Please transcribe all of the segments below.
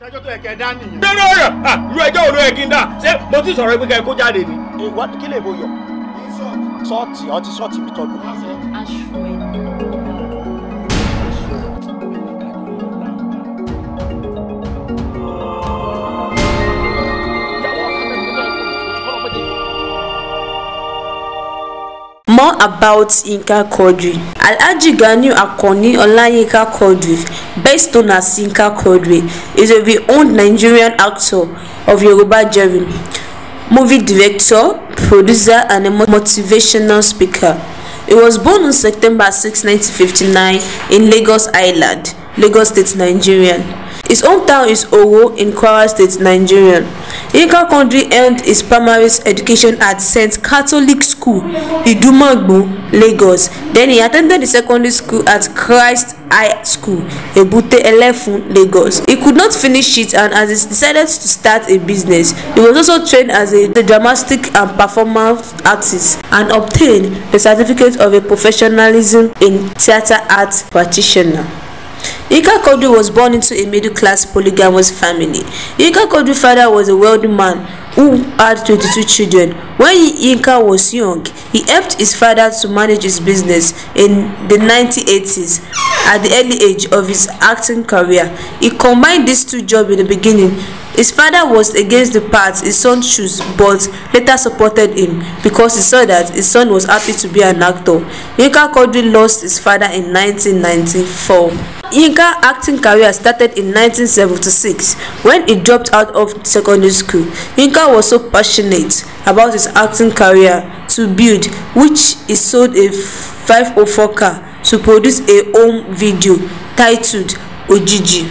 ṣẹjọ tó ẹkẹ dá nìyẹn. gbẹrọ rẹ lu ẹjọ́ òru ẹ kí ṣé mo ti sọ̀rọ̀ pé kó jáde ni. ìwádìí kí lè mo yọ. sọ́ọ̀tì ọtí sọ́ọ̀tì mi tọdún. aṣọ ẹ̀ More about Yinka Quadri. Alhaji Ganiu Akoni Olayinka Quadri, best known as Yinka Quadri, is a renowned Nigerian actor of Yoruba genre, movie director, producer, and a motivational speaker. He was born on September 6, 1959, in Lagos Island, Lagos State, Nigeria. His hometown is Owo in Kwara State, Nigeria. Yinka Quadri earned his primary education at St. Catholic School, Idumagbo, Lagos. Then he attended the secondary school at Christ High School, Ebute Elefun, Lagos. He could not finish it and as he decided to start a business, he was also trained as a dramatic and performance artist and obtained a certificate of a professionalism in theatre arts practitioner. Ika Kodu was born into a middle-class polygamous family. Ika Kodu's father was a wealthy man who had 22 children. When Yinka was young, he helped his father to manage his business in the 1980s at the early age of his acting career. He combined these two jobs in the beginning his father was against the path his son chose but later supported him because he saw that his son was happy to be an actor. Yinka Quadri lost his father in 1994. Yinka acting career started in 1976 when he dropped out of secondary school. Yinka was so passionate about his acting career to build which he sold a 504 car to produce a home video titled Ojiji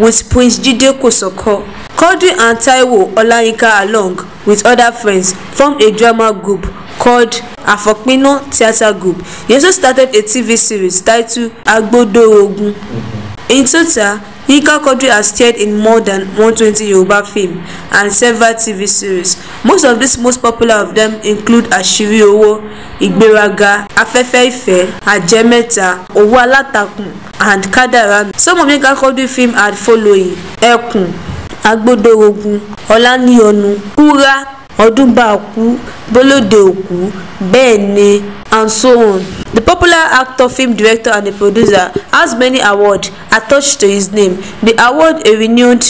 with Prince Jide Kosoko Quadri and Taiwo Olayinka along with other friends formed a drama group called Afopino Theatre Group. He also started a TV series titled Agbodorogun. In total, Yinka Quadri has starred in more than 120 Yoruba films and several TV series. Most of these most popular of them include Ashiri Owo, Ìgbéraga, Afẹ́fẹ́ Ìfẹ́, Àjẹmẹ́ta, Owó Alátakùn, and Kádàrá. Some of Yinka Quadri films are following: Ekun agbódòrògùn ọ̀làníyanu kúrá ọdúnbàkú bọ́lódé òkú bẹ́ẹ̀ ni and so on. The popular actor, film director and a producer has many awards attached to his name. The award a renewed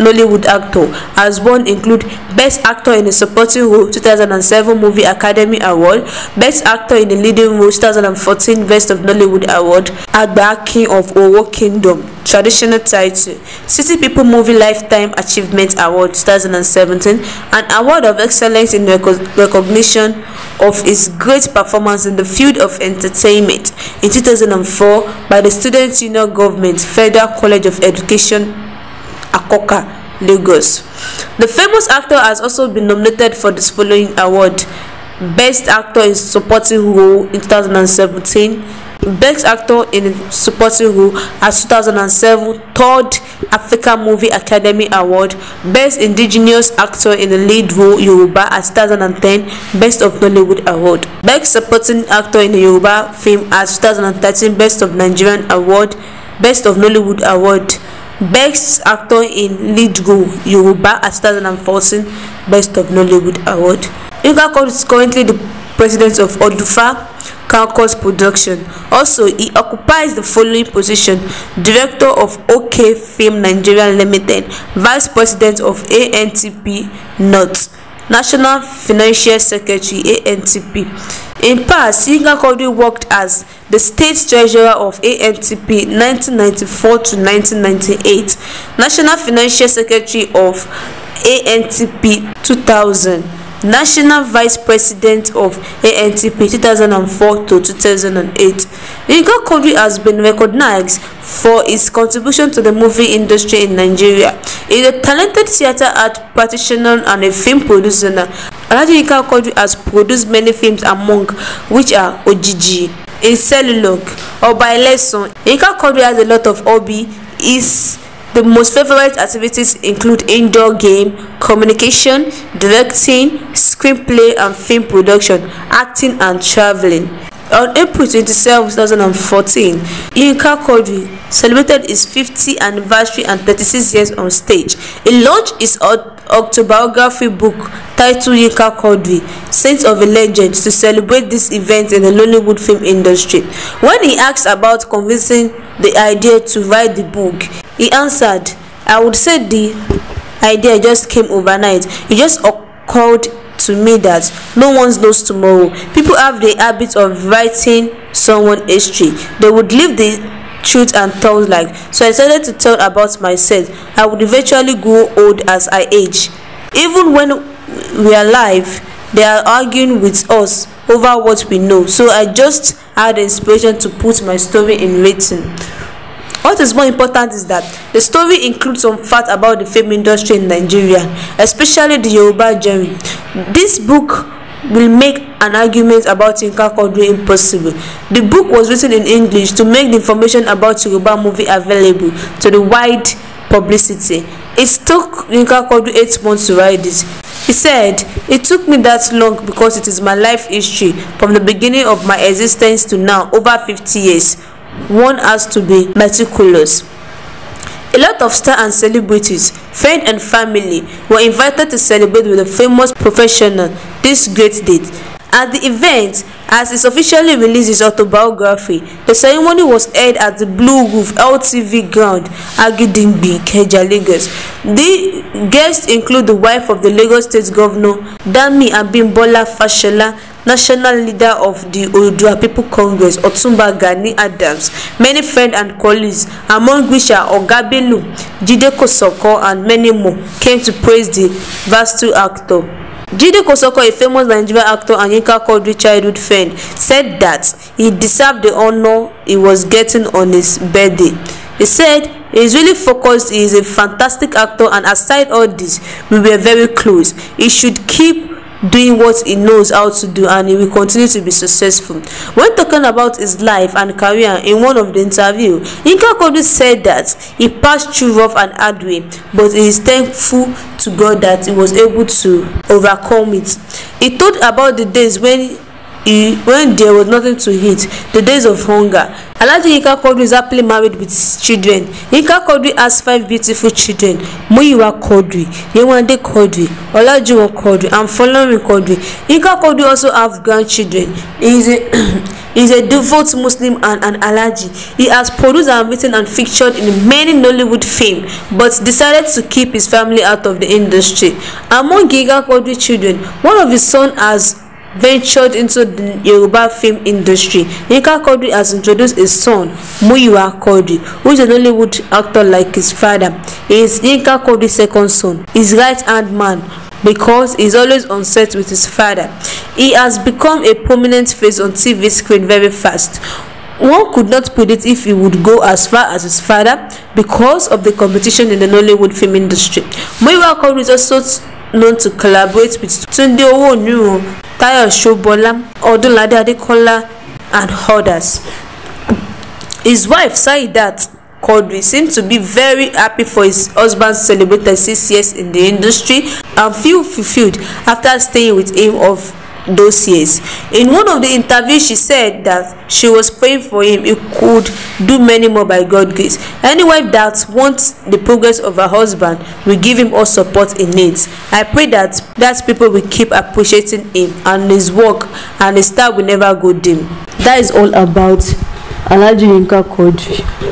Nollywood actor. has won include Best Actor in a Supporting Role 2007 Movie Academy Award, Best Actor in a Leading Role 2014 Best of Nollywood Award, Agba King of Owo Kingdom, traditional title, City People Movie Lifetime Achievement Award 2017, an award of excellence in recognition of his great performance in the field of entertainment in 2004 by the Student Union Government Federal College of Education Akoka, Lagos. The famous actor has also been nominated for the following award: Best Actor in Supporting Role in 2017, Best Actor in Supporting Role as 2007 Third African Movie Academy Award, Best Indigenous Actor in the Lead Role Yoruba as 2010 Best of Nollywood Award, Best Supporting Actor in the Yoruba Film as 2013 Best of Nigerian Award, Best of Nollywood Award. Best Actor in Lead Role Yoruba at 2014 Best of Nollywood Award. Yinka is currently the president of Odufa Calcos Production. Also, he occupies the following position: Director of OK Film Nigeria Limited, Vice President of ANTP North, National Financial Secretary ANTP. In past, Yinka worked as the state treasurer of ANTP 1994 to 1998, National Financial Secretary of ANTP 2000, National Vice President of ANTP 2004 to 2008. Yinka Kodri has been recognized for his contribution to the movie industry in Nigeria. He is a talented theater art practitioner and a film producer Alhaji Yinka has produced many films among which are Ojiji, A or Ọba Ẹlẹ́san. Yinka Quadri has a lot of hobby. His the most favorite activities include indoor game, communication, directing, screenplay and film production, acting and traveling. On April 27, 2014, Yinka Quadri celebrated his 50th anniversary and 36 years on stage. He launched his autobiography book titled Yinka Kodri, Saints of a Legend, to celebrate this event in the Lollywood film industry. When he asked about convincing the idea to write the book, he answered, I would say the idea just came overnight. It just occurred to me that no one knows tomorrow. People have the habit of writing someone history. They would leave the truth and thoughts like so i started to tell about myself i would eventually grow old as i age even when we are alive they are arguing with us over what we know so i just had the inspiration to put my story in written. what is more important is that the story includes some facts about the film industry in nigeria especially the yoruba genre this book will make an argument about Yinka Quadri impossible. The book was written in English to make the information about Yoruba movie available to the wide publicity. It took Yinka Quadri eight months to write it. He said, It took me that long because it is my life history from the beginning of my existence to now, over 50 years. One has to be meticulous. A lot of stars and celebrities, friends and family were invited to celebrate with the famous professional this great date. At the event, as it officially released his autobiography, the ceremony was held at the Blue Roof LTV ground, Agidingbi, Ikeja, Lagos. The guests include the wife of the Lagos State Governor, Dami Abimbola Fashola, national leader of the Odua People Congress, Otumba Gani Adams, many friends and colleagues, among which are Ogabelu, Jide Kosoko, and many more, came to praise the Vastu actor. Jide Kosoko, a famous Nigerian actor and Yinka Kodri childhood friend, said that he deserved the honour he was getting on his birthday. He said, he is really focused, he is a fantastic actor and aside all this, we were very close. He should keep doing what he knows how to do and he will continue to be successful. When talking about his life and career in one of the interview, Yinka Kodu said that he passed through rough and hard way but he is thankful to God that he was able to overcome it. He told about the days when he, when there was nothing to eat the days of hunger alhaji yinka quadri is happily married with children yinka quadri has five beautiful children muyiwa quadri yewande quadri olajuwon quadri and folorin quadri yinka quadri also have grandchildren he is a he a devout muslim and an alhaji he has produced and written and featured in many nollywood films, but decided to keep his family out of the industry among yinka quadri children one of his son has ventured into the Yoruba film industry. Yinka Quadri has introduced his son, Muyiwa Quadri, who is an Hollywood actor like his father. He is Yinka Quadri's second son, his right-hand man, because he's always on set with his father. He has become a prominent face on TV screen very fast. One could not predict if he would go as far as his father because of the competition in the Nollywood film industry. Muyiwa Quadri is also known to collaborate with Tunde Owoniru, Tayo Shobola, Odunlade Adekola, and others. His wife Saidat Quadri seemed to be very happy for his husband's celebrated six years in the industry and feel fulfilled after staying with him of those years. In one of the interviews, she said that she was praying for him. He could do many more by God's grace. Any wife that wants the progress of her husband will give him all support he needs. I pray that that people will keep appreciating him and his work, and his star will never go dim. That is all about Alhaji Yinka